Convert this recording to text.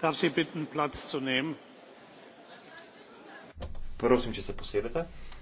darf sie bitten platz zu nehmen. prosim če se posedete.